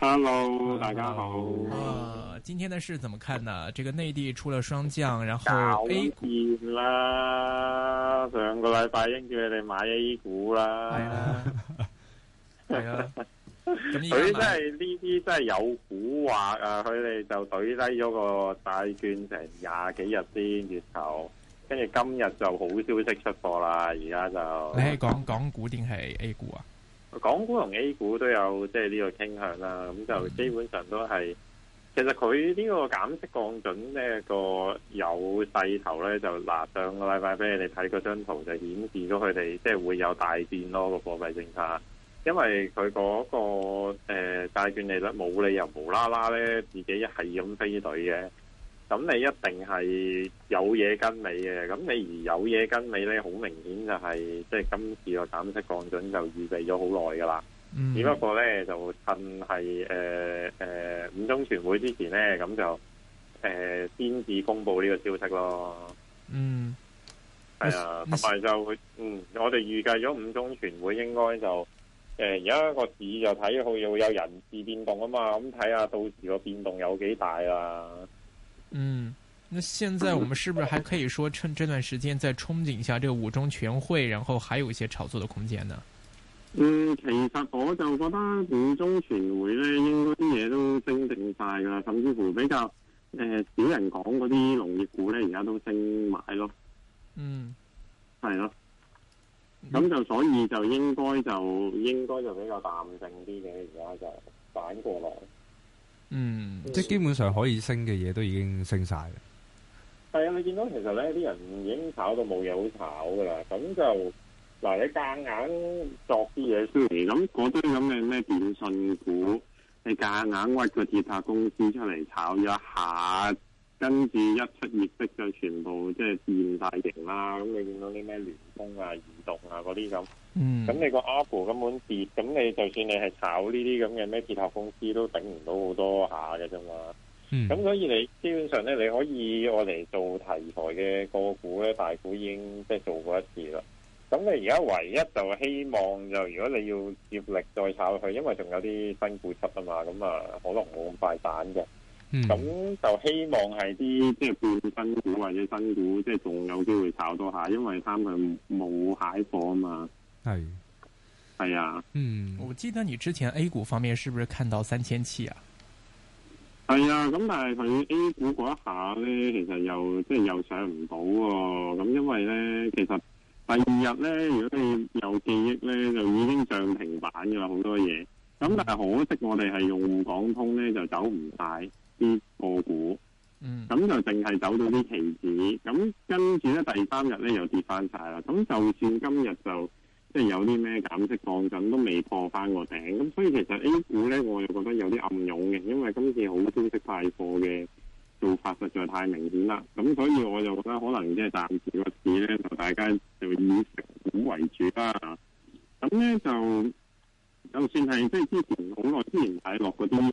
Hello, hello，大家好。啊，今天的事怎麼看呢？這個內地出了雙降，然後 A 股啦，上個禮拜應住你哋買 A 股啦。係 對了 真的 啊，佢真係呢啲真係有蠱惑啊！佢哋就懟低咗個大券成廿幾日先月頭，跟住今日就好消息出貨啦。而家就你係講港股定係 A 股啊？港股同 A 股都有即係呢個傾向啦，咁就基本上都係，其實佢呢個減息降準呢個有勢頭呢，就嗱上個禮拜俾你睇嗰張圖就顯示咗佢哋即係會有大變咯個貨幣政策，因為佢嗰個，誒，債券利率冇理由無啦啦呢，自己一係咁飛隊嘅。咁你一定係有嘢跟你嘅。咁你而有嘢跟你咧，好明顯就係即係今次個減息降準就預備咗好耐噶啦。只不過咧就趁係誒、呃呃、五中全會之前咧，咁就、呃、先至公布呢個消息咯。嗯，係啊，同埋就嗯，我哋預計咗五中全會應該就而家、呃、個市就睇好要有人事變動啊嘛。咁睇下到時個變動有幾大啦。嗯，那現在我們是不是還可以說趁這段時間再憧憬一下這個五中全會，然後還有一些炒作的空間呢？嗯，其實我就覺得五中全會咧，應該啲嘢都升定晒㗎喇，甚至乎比較誒少、呃、人講嗰啲農業股咧，而家都升埋咯。嗯，係咯，咁就所以就應該就應該就比較淡靜啲嘅，而家就反過來。嗯，嗯，即係基本上可以升嘅嘢都已經升晒啦。係啊，你見到其實咧，啲人已經炒到冇嘢好炒噶啦。咁就嗱、啊、你夾硬，硬作啲嘢出嚟，咁嗰堆咁嘅咩電訊股，你夾硬屈個鐵塔公司出嚟炒咗一下。跟住一出業績就全部即係變曬型啦，咁你見到啲咩聯通啊、移動啊嗰啲咁，咁、嗯、你個 Apple 根本跌，咁你就算你係炒呢啲咁嘅咩鐵塔公司都頂唔到好多下嘅啫嘛。咁、嗯、所以你基本上咧，你可以我嚟做題材嘅個股咧，大股已經即係做過一次啦。咁你而家唯一就希望就如果你要接力再炒佢，因為仲有啲新股出啊嘛，咁啊可能冇咁快散嘅。咁、嗯、就希望係啲即係半新股或者新股，即係仲有機會炒多下，因為貪佢冇蟹貨啊嘛。係、哎、係啊。嗯，我記得你之前 A 股方面是不是看到三千七啊？係啊，咁但係佢 A 股嗰一下咧，其實又即係又上唔到咁，因為咧其實第二日咧，如果你有記憶咧，就已經漲停板噶啦，好多嘢。咁但係可惜我哋係用港通咧，就走唔晒。啲個股，咁就淨係走到啲期指，咁跟住咧第三日咧又跌翻晒啦。咁就算今日就即係、就是、有啲咩減息降準，都未破翻個頂。咁所以其實 A 股咧，我又覺得有啲暗湧嘅，因為今次好消息派貨嘅做法實在太明顯啦。咁所以我就覺得可能即係暫時個市咧，就大家就以食股為主啦、啊。咁咧就就算係即係之前好耐之前睇落嗰啲。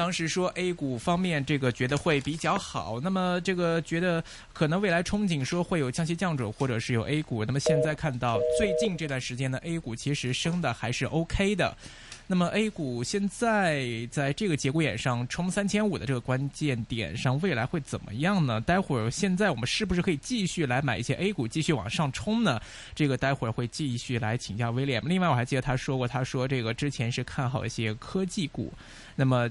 當時說 A 股方面，這個覺得會比較好。那麼這個覺得可能未來憧憬說會有降息降準，或者是有 A 股。那麼現在看到最近這段時間呢，A 股其實升的還是 OK 的。那麼 A 股現在在這個節骨眼上沖三千五的這個關鍵點上，未來會怎麼樣呢？待會兒現在我們是不是可以繼續來買一些 A 股，繼續往上沖呢？這個待會兒會繼續來請教 William。另外我還記得他說過，他說這個之前是看好一些科技股，那麼。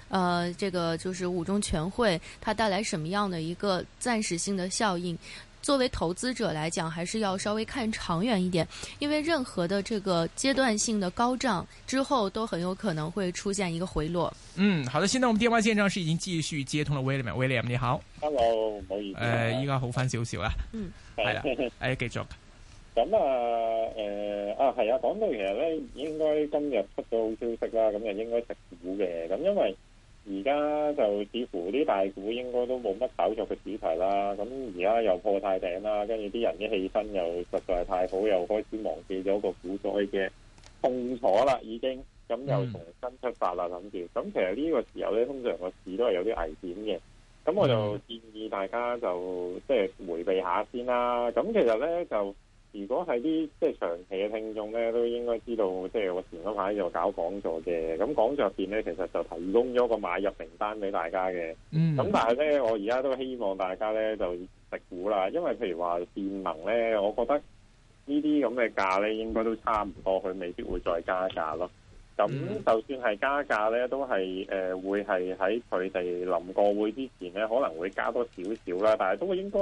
呃，這個就是五中全會，它帶來什麼樣的一個暫時性的效應？作為投資者來講，還是要稍微看長遠一點，因為任何的這個階段性的高漲之後，都很有可能會出現一個回落。嗯，好的，現在我們電話線上是已經繼續接通了 William，William 你好，Hello，唔好意思，誒、呃，依家好翻少少啦，嗯，係啦，誒，繼續，咁啊，誒，啊，係啊，啊，啊，講到其實咧，應該今日得到消息啦，咁就應該食股嘅，咁因為。而家就似乎啲大股應該都冇乜炒作嘅主題啦，咁而家又破太頂啦，跟住啲人嘅氣氛又實在係太好，又開始忘記咗個股災嘅痛楚啦，已經咁又重新出發啦，諗住咁其實呢個時候咧，通常個市都係有啲危險嘅，咁我就建議大家就即係迴避一下先啦。咁其實咧就。如果係啲即係長期嘅聽眾咧，都應該知道，即係我前嗰排喺度搞講座嘅，咁講座入邊咧，其實就提供咗個買入名單俾大家嘅。嗯。咁但係咧，我而家都希望大家咧就食股啦，因為譬如話電能咧，我覺得這些這的呢啲咁嘅價咧，應該都差唔多，佢未必會再加價咯。咁、嗯、就算係加價咧，都係誒、呃、會係喺佢哋臨過會之前咧，可能會加多少少啦，但係都應該。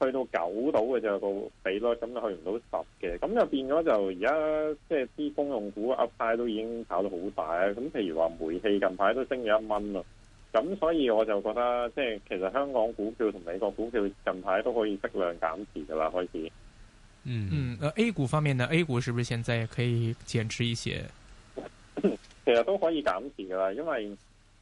去到九到嘅就候個比率咯，咁就去唔到十嘅，咁就變咗就而家即係啲公用股 u p 都已經炒到好大啊！咁譬如話煤氣近排都升咗一蚊咯，咁所以我就覺得即係其實香港股票同美國股票近排都可以適量減持噶啦，開始。嗯嗯，A 股方面呢 A 股是不是現在可以減持一些？ 其實都可以減持噶啦，因為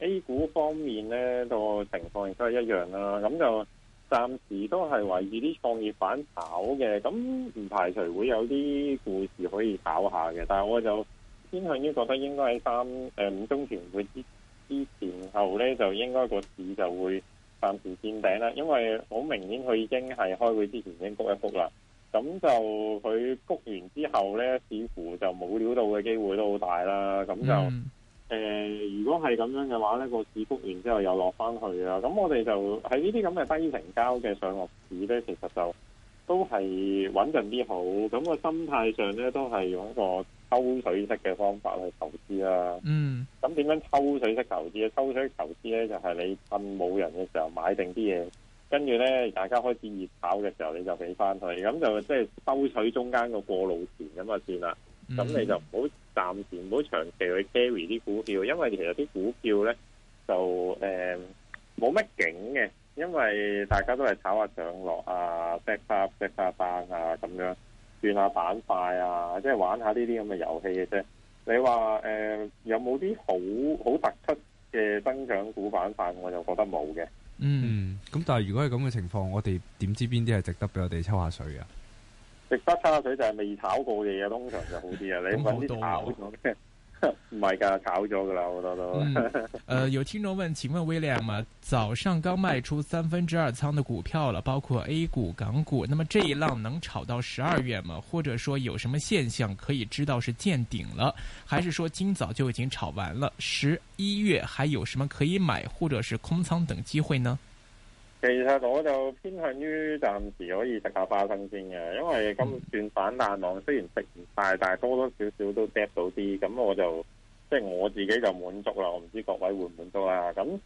A 股方面呢個情況亦都係一樣啦，咁就。暫時都係維持啲創業板炒嘅，咁唔排除會有啲故事可以炒下嘅。但係我就偏向於覺得應該喺三誒、呃、五中全會之之前後咧，就應該個市就會暫時見頂啦。因為好明顯佢已經係開會之前已經谷一谷啦，咁就佢谷完之後咧，似乎就冇料到嘅機會都好大啦。咁就。嗯誒、呃，如果係咁樣嘅話呢，個市幅完之後又落翻去啊。咁我哋就喺呢啲咁嘅低成交嘅上落市呢，其實就都係穩陣啲好。咁，個心態上呢，都係用一個抽水式嘅方法去投資啦、啊。嗯。咁點樣抽水式投資？抽水式投資呢，就係、是、你趁冇人嘅時候買定啲嘢，跟住呢，大家開始熱炒嘅時候，你就俾翻佢。咁就即係收取中間個過路錢咁啊，算啦。咁你就唔好。暫時唔好長期去 carry 啲股票，因為其實啲股票咧，就誒冇乜景嘅，因為大家都係炒下上落啊、back up back down 啊咁樣轉下板塊啊，即係玩下呢啲咁嘅遊戲嘅啫。你話誒、呃、有冇啲好好突出嘅增長股板塊？我就覺得冇嘅。嗯，咁但係如果係咁嘅情況，我哋點知邊啲係值得俾我哋抽下水啊？食沙沙水就係未炒過嘅嘢，通常就好啲啊！你搵啲炒唔係噶，炒咗噶啦，好多都。誒、嗯呃，有聽眾問，請問 William 啊，早上剛賣出三分之二倉嘅股票啦，包括 A 股、港股，那麼這一浪能炒到十二月嗎？或者說有什麼現象可以知道是見頂了，還是說今早就已經炒完了？十一月還有什麼可以買，或者是空倉等機會呢？其實我就偏向於暫時可以食下花生先嘅，因為今段反彈浪，雖然食唔晒，但係多多少少都 get 到啲，咁我就即係我自己就滿足啦。我唔知各位滿唔滿足啊？咁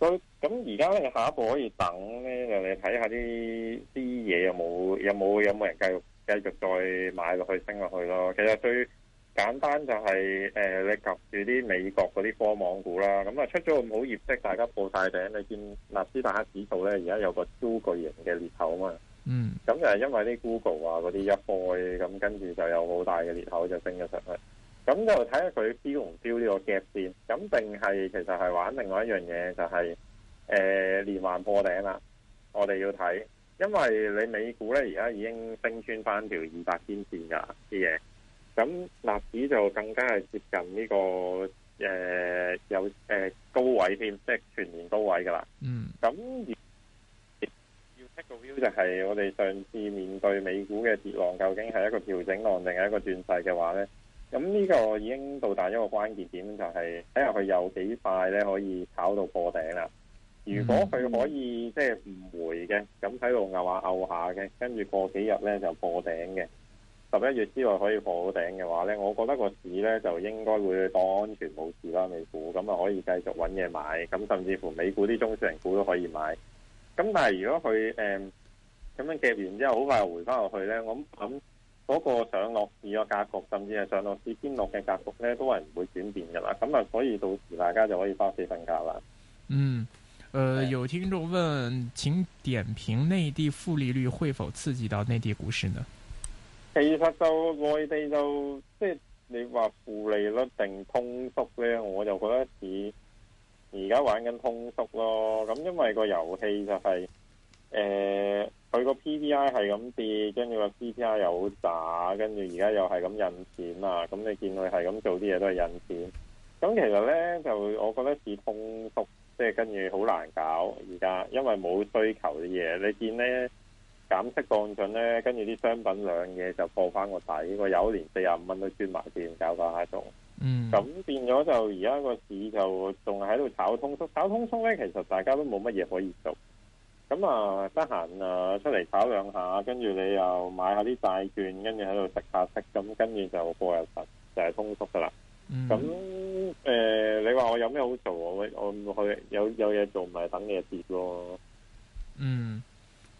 都咁而家咧下一步可以等咧，就你睇下啲啲嘢有冇有冇有冇人繼續繼續再買落去升落去咯。其實對。簡單就係、是、誒、呃，你及住啲美國嗰啲科網股啦，咁啊出咗咁好業績，大家破曬頂。你見納斯達克指數咧，而家有個超巨型嘅裂口啊嘛，嗯，咁就係因為啲 Google 啊嗰啲一波咁，跟住就有好大嘅裂口就升咗上去。咁就睇下佢標唔標呢個 gap 線，咁定係其實係玩另外一樣嘢，就係、是、誒、呃、連環破頂啦。我哋要睇，因為你美股咧而家已經升穿翻條二百天線噶啲嘢。咁納指就更加係接近呢、這個誒、呃、有誒、呃、高位添，即係全年高位噶啦。嗯、mm.。咁要剔 a k 就係我哋上次面對美股嘅跌浪，究竟係一個調整浪定係一個斷勢嘅話咧？咁呢個已經到達一個關鍵點、就是，就係睇下佢有幾快咧可以炒到破頂啦。如果佢可以即係唔回嘅，咁喺度牛下牛下嘅，跟住過幾日咧就破頂嘅。十一月之外可以破頂嘅話咧，我覺得個市咧就應該會當安全冇事啦，美股咁啊可以繼續揾嘢買，咁甚至乎美股啲中小型股都可以買。咁但係如果佢誒咁樣夾完之後，好快又回翻落去咧，我咁嗰個上落市個格局，甚至係上落市堅落嘅格局咧，都係唔會轉變㗎啦。咁啊，所以到時大家就可以翻屋企瞓覺啦。嗯，誒、呃，有聽眾問：請點評內地負利率會否刺激到內地股市呢？其實就外地就即係你話負利率定通縮咧，我就覺得似而家玩緊通縮咯。咁因為個遊戲就係誒，佢個 PPI 係咁跌，跟住個 PPI 又好渣，跟住而家又係咁印錢啊！咁你見佢係咁做啲嘢都係印錢。咁其實咧就我覺得似通縮，即係跟住好難搞而家，因為冇需求啲嘢。你見咧。減息降準咧，跟住啲商品兩嘢就破翻個底。我有一年四廿五蚊都轉埋線搞搞下做。嗯，咁變咗就而家個市就仲喺度炒通縮。炒通縮咧，其實大家都冇乜嘢可以做。咁啊，得閒啊，出嚟炒兩下，跟住你又買下啲債券，跟住喺度食下息，咁跟住就過日實，就係、是、通縮噶啦。咁、嗯、誒、呃，你話我有咩好做？我，我去有有嘢做，咪係等嘢跌咯。嗯，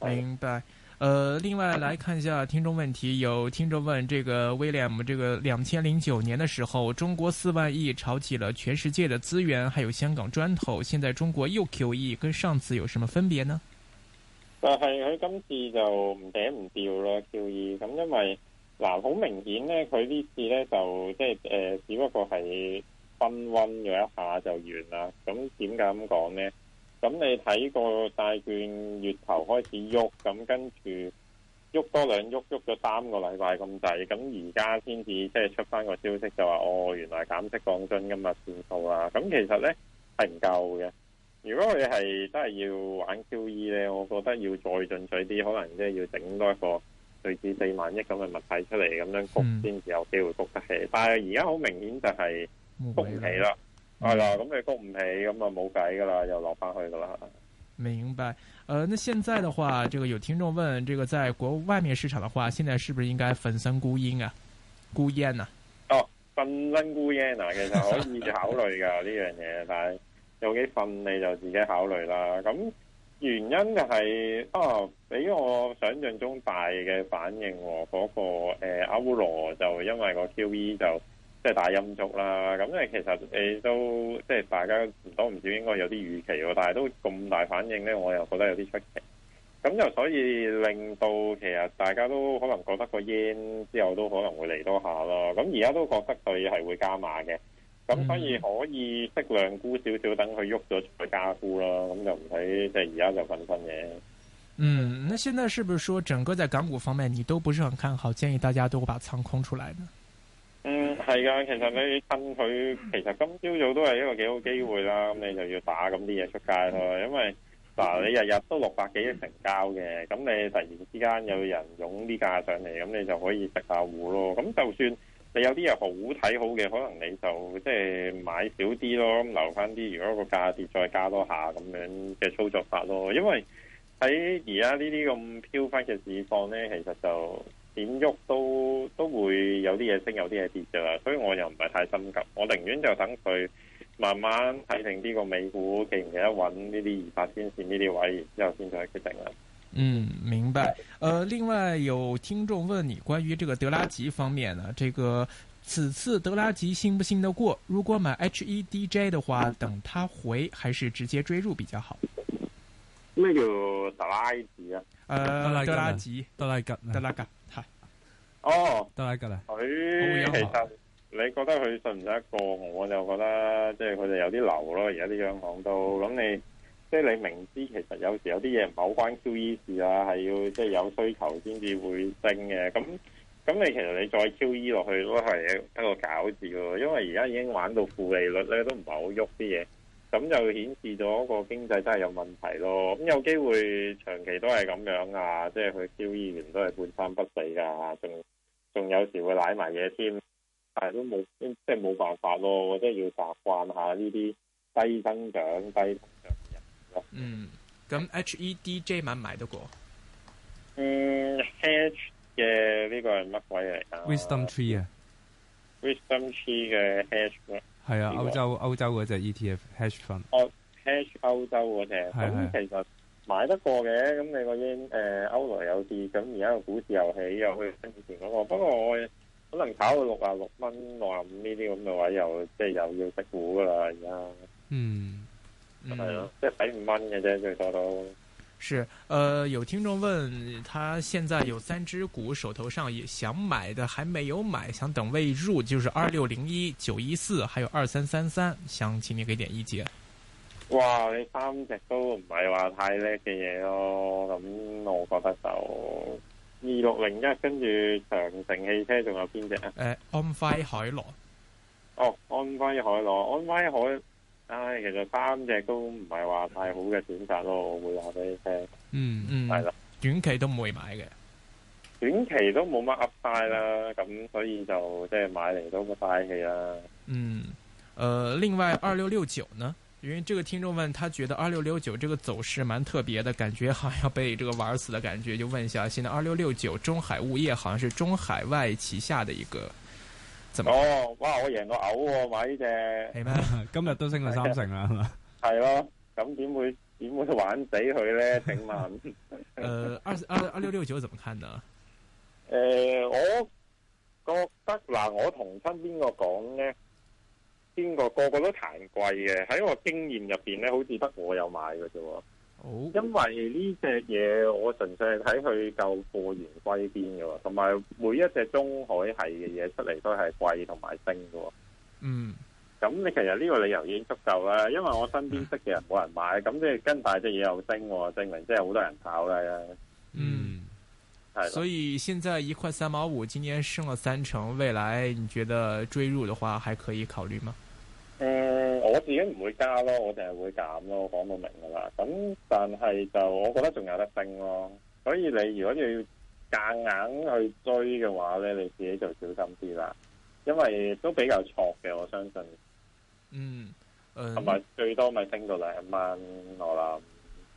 明白。呃，另外來看一下聽眾問題，有聽眾問：這個 William，這個兩千零九年嘅時候，中國四萬億炒起了全世界的資源，還有香港磚頭，現在中國又 QE，跟上次有什麼分別呢？但係佢今次就唔頂唔掉咯，QE 咁、嗯，因為嗱好、呃、明顯呢，佢呢次呢，就即係誒，只不過係分温咗一下就完啦。咁點解咁講呢？咁你睇個債券月頭開始喐，咁跟住喐多兩喐，喐咗三個禮拜咁滯，咁而家先至即係出翻個消息就話哦，原來減息降準今日算數啦、啊。咁其實呢係唔夠嘅。如果佢係真係要玩 QE 呢，我覺得要再進取啲，可能即係要整多一個類似四萬億咁嘅物體出嚟，咁樣焗先至、嗯、有機會焗得起。但係而家好明顯就係焗唔起啦。係啦，咁 你谷唔起，咁啊冇計噶啦，又落翻去噶啦。明白，誒、呃，那現在的話，這個有聽眾問，這個在國外面市場的話，現在是不是應該粉身孤英啊？孤煙啊？哦，粉身孤煙嗱、啊，其實可以考慮噶呢樣嘢，但 係有幾份你就自己考慮啦。咁原因就係啊，比我想象中大嘅反應喎、哦那個誒歐羅就因為那個 QE 就。即係大陰燭啦，咁因為其實你都即係大家唔多唔少應該有啲預期喎，但係都咁大反應咧，我又覺得有啲出奇。咁就所以令到其實大家都可能覺得個煙之後都可能會嚟多一下啦。咁而家都覺得佢係會加碼嘅，咁所以可以適量沽少少，等佢喐咗再加沽咯。咁就唔使即係而家就分身嘅。嗯，那現在是不是說整個在港股方面你都不是很看好，建議大家都把倉空出來呢？係噶，其實你趁佢，其實今朝早都係一個幾好機會啦。咁你就要打咁啲嘢出街咯，因為嗱，你日日都六百幾億成交嘅，咁你突然之間有人湧啲價上嚟，咁你就可以食下糊咯。咁就算你有啲嘢好睇好嘅，可能你就即係、就是、買少啲咯，留翻啲。如果個價跌再加多一下咁樣嘅操作法咯。因為喺而家呢啲咁飄忽嘅市況咧，其實就。點喐都都會有啲嘢升，有啲嘢跌嘅啦，所以我又唔係太心急，我寧願就等佢慢慢睇定呢個美股，勁嘅一揾呢啲二百天線呢啲位之後先再決定啦。嗯，明白。呃，另外有聽眾問你關於這個德拉吉方面呢，這個此次德拉吉信唔信得過？如果買 HEDJ 的話，等他回還是直接追入比較好？咩叫德拉吉啊？誒、呃，德拉吉，德拉格，德拉格。哦，都係㗎啦。佢其實你覺得佢信唔信得過？我就覺得即係佢哋有啲流咯。而家啲央行都咁你，即係你明知其實有時有啲嘢唔係好關 QE 事啊，係要即係有需求先至會升嘅。咁咁你其實你再 QE 落去都係一個搞字咯，因為而家已經玩到負利率咧，都唔係好喐啲嘢。咁就顯示咗個經濟真係有問題咯。咁有機會長期都係咁樣啊，即係佢 QE 完都係半生不死噶吓，仲。仲有時會瀨埋嘢添，但係都冇，即係冇辦法咯，我真係要習慣下呢啲低增長、低增長嘅嘢咯。嗯，咁 HEDJ 買唔買得過？嗯，Hedge 嘅呢個係乜鬼嚟㗎？Wisdom Tree 啊，Wisdom Tree 嘅 Hedge 啊，係啊，歐洲歐洲嗰隻 ETF Hedge Fund。歐、oh, Hedge 歐洲嗰隻，咁、啊、其實。買得過嘅，咁你嗰啲，誒、呃，歐羅有啲，咁而家個股市又起，又去以升前錢嗰個，不過我可能炒到六啊六蚊，六啊五呢啲咁嘅話又即係又要識股噶啦，而家。嗯，係咯、嗯，即係抵五蚊嘅啫最多都。是，呃，有聽眾問他，現在有三隻股手頭上想買的，還沒有買，想等位入，就是二六零一、九一四，還有二三三三，想請你給點意見。哇！你三隻都唔係話太叻嘅嘢咯，咁我覺得就二六零一跟住長城汽車仲有邊隻啊？誒，安徽海螺。哦，安徽海螺，安徽海，唉，其實三隻都唔係話太好嘅選擇咯，我會話俾你聽。嗯嗯，係、嗯、啦，短期都唔會買嘅，短期都冇乜 Upside 啦，咁所以就即係買嚟都冇嘥氣啦。嗯，誒、嗯呃，另外二六六九呢？因為這個聽眾問他覺得二六六九這個走勢蠻特別的，感覺好像、啊、被這個玩死的感覺，就問一下，現在二六六九中海物業好像是中海外旗下的一個怎麼？哦，哇，我贏過嘔、啊，買呢隻，今日都升了三成啊，係 嘛 ？係咯，咁點會點會玩死佢咧？請問， 呃，二二二六六九怎麼看呢？誒、呃，我覺得嗱，我同身邊個講咧。邊個個個都彈貴嘅，喺我經驗入邊咧，好似得我有買嘅啫。哦、okay，因為呢隻嘢，我純粹係睇佢夠貨源歸邊嘅，同埋每一隻中海係嘅嘢，出嚟，都係貴同埋升嘅。嗯，咁你其實呢個理由已經足夠啦。因為我身邊識嘅人冇人買，咁即係跟大隻嘢有升的，證明真係好多人炒啦。嗯，係。所以現在一塊三毛五，今年升咗三成，未來你覺得追入嘅話還可以考慮嗎？我自己唔會加咯，我淨係會減咯，講到明噶啦。咁但係就我覺得仲有得升咯，所以你如果要夾硬去追嘅話咧，你自己就小心啲啦，因為都比較挫嘅，我相信。嗯，同、嗯、埋最多咪升到兩萬我啦。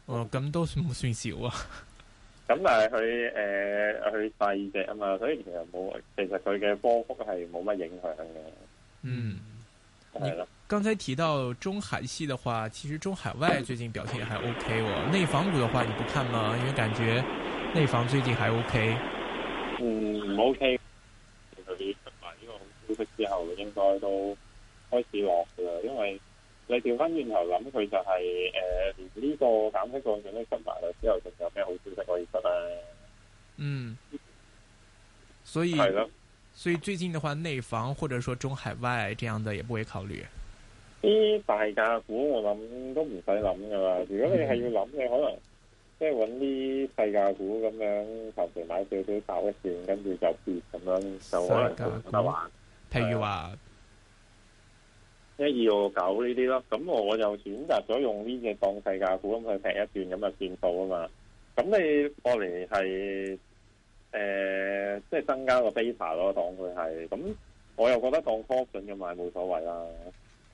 哦，咁都算唔算少啊？咁但係佢誒，佢細隻啊嘛，所以其實冇，其實佢嘅波幅係冇乜影響嘅。嗯，係咯。剛才提到中海係的話，其實中海外最近表現也還 OK 哦。內房股的話，你不看嗎？因為感覺內房最近還 OK。嗯，唔 OK。出呢個消息之後，應該都開始落噶。因為你調翻轉頭諗，佢就係誒，連呢個減息降準都出埋啦，之後仲有咩好消息可以出啊？嗯。所以，所以最近的話，內房或者說中海外這樣的也不會考慮。啲大價股我諗都唔使諗噶啦，如果你係要諗，你可能即係搵啲細價股咁樣，求其買少少，少，搞一段，跟住就跌咁樣，就可能就有得玩。譬如話一二二九呢啲咯，咁我就選擇咗用呢隻當細價股咁去劈一段，咁啊算數啊嘛。咁你過嚟係誒，即係增加個 data 咯，當佢係。咁我又覺得當 option 咁買冇所謂啦。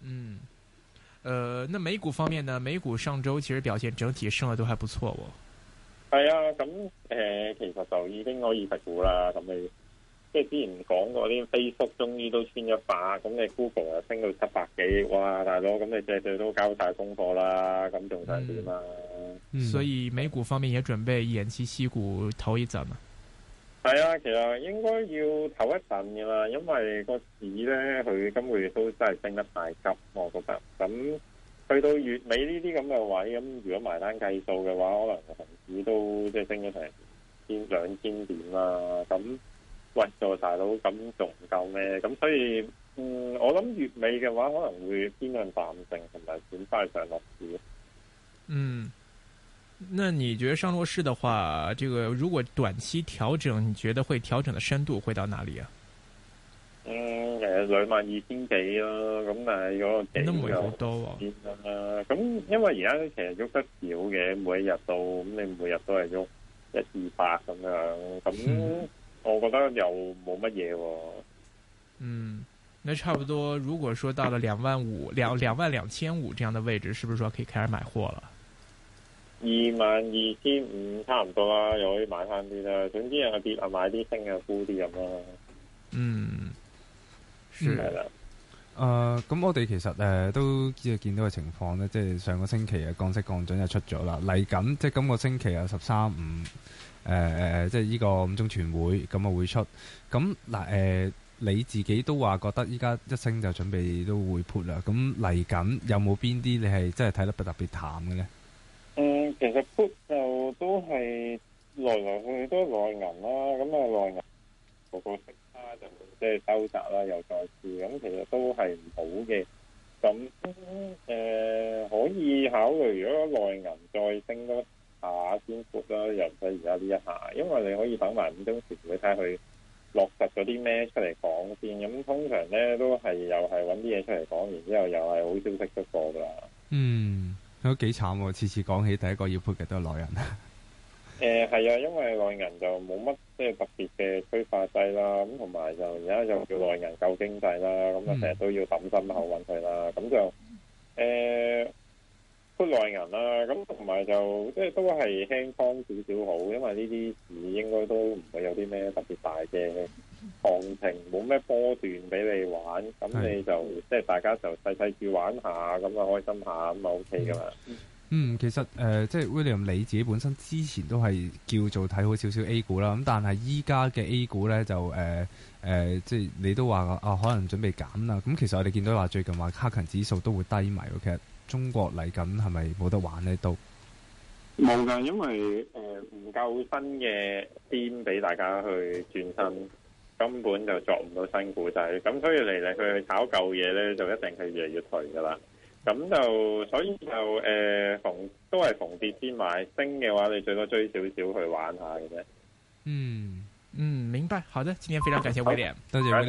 嗯，誒、呃，那美股方面呢？美股上周其實表現整體升得都還不錯，哦。我係啊，咁誒，其實就已經可以食股啦。咁你即係之前講過啲 Facebook 終於都千一把，咁你 Google 啊，升到七百幾，哇，大佬，咁你借借都交晒功課啦，咁仲使點啊？所以美股方面也準備偃旗息鼓投一陣啊。係啊，其實應該要唞一陣噶啦，因為個市咧，佢今個月都真係升得太急，我覺得。咁去到月尾呢啲咁嘅位，咁如果埋單計數嘅話，可能個市都即係升咗成千兩千點啦。咁喂，做大佬，咁仲唔夠咩？咁所以，嗯，我諗月尾嘅話可能會偏向淡性，同埋轉翻去上落市。嗯。那你覺得上落市的話，這個如果短期調整，你覺得會調整的深度會到哪裏啊？嗯，誒、呃，兩萬二千幾咯，咁但係嗰個都唔會好多啊。咁、嗯呃、因為而家其實喐得少嘅，每一日到咁、嗯、你每日都係喐一二百咁樣，咁、嗯嗯、我覺得又冇乜嘢。嗯，那差不多。如果說到了兩萬五、兩兩萬兩千五這樣的位置，是不是說可以開始買貨了？二萬二千五差唔多啦，又可以買翻啲啦。總之啊，跌啊買啲升啊沽啲咁啦。嗯，係啦。咁、嗯呃、我哋其實誒、呃、都即係見到嘅情況呢，即係上個星期啊降息降準就出咗啦。嚟緊即係今個星期啊十三五誒即係呢個五中全會咁啊會出。咁嗱、呃、你自己都話覺得依家一升就準備都會潑啦。咁嚟緊有冇邊啲你係真係睇得特別淡嘅呢？其實闊就都係來來去去，都係內銀啦，咁啊內銀個個息差就即係、就是、收窄啦，又再試咁其實都係唔好嘅。咁誒、呃、可以考慮如果內銀再升多下先闊啦，又唔使而家呢一下一，因為你可以等埋五分鐘前佢睇佢落實咗啲咩出嚟講先。咁通常咧都係又係揾啲嘢出嚟講，然之後又係好消息出貨噶。嗯。都幾慘喎，次次講起第一個要配嘅都係內銀啊！誒、嗯，係啊，因為內銀就冇乜即係特別嘅催化劑啦，咁同埋就而家又叫內銀救經濟啦，咁啊成日都要抌心口揾佢啦，咁就誒，配內銀啦，咁同埋就即係、就是、都係輕倉少少好，因為呢啲市應該都唔會有啲咩特別大嘅。行情冇咩波段俾你玩，咁你就即係大家就細細住玩一下，咁啊開心下，咁啊 O K 噶啦。嗯，其實誒、呃，即係 William 你自己本身之前都係叫做睇好少少 A 股啦，咁但係依家嘅 A 股咧就誒誒，即、呃、係、呃就是、你都話啊，可能準備減啦。咁其實我哋見到話最近話克強指數都會低迷，其實中國嚟緊係咪冇得玩呢？都冇噶，因為誒唔夠新嘅邊俾大家去轉身。根本就作唔到新故仔，咁所以嚟嚟去去炒舊嘢咧，就一定係越嚟越頹噶啦。咁就所以就誒、呃，逢都係逢跌先買，升嘅話你最多追少少去玩下嘅啫。嗯嗯，明白，好的，今天非常感謝 William。多謝 William。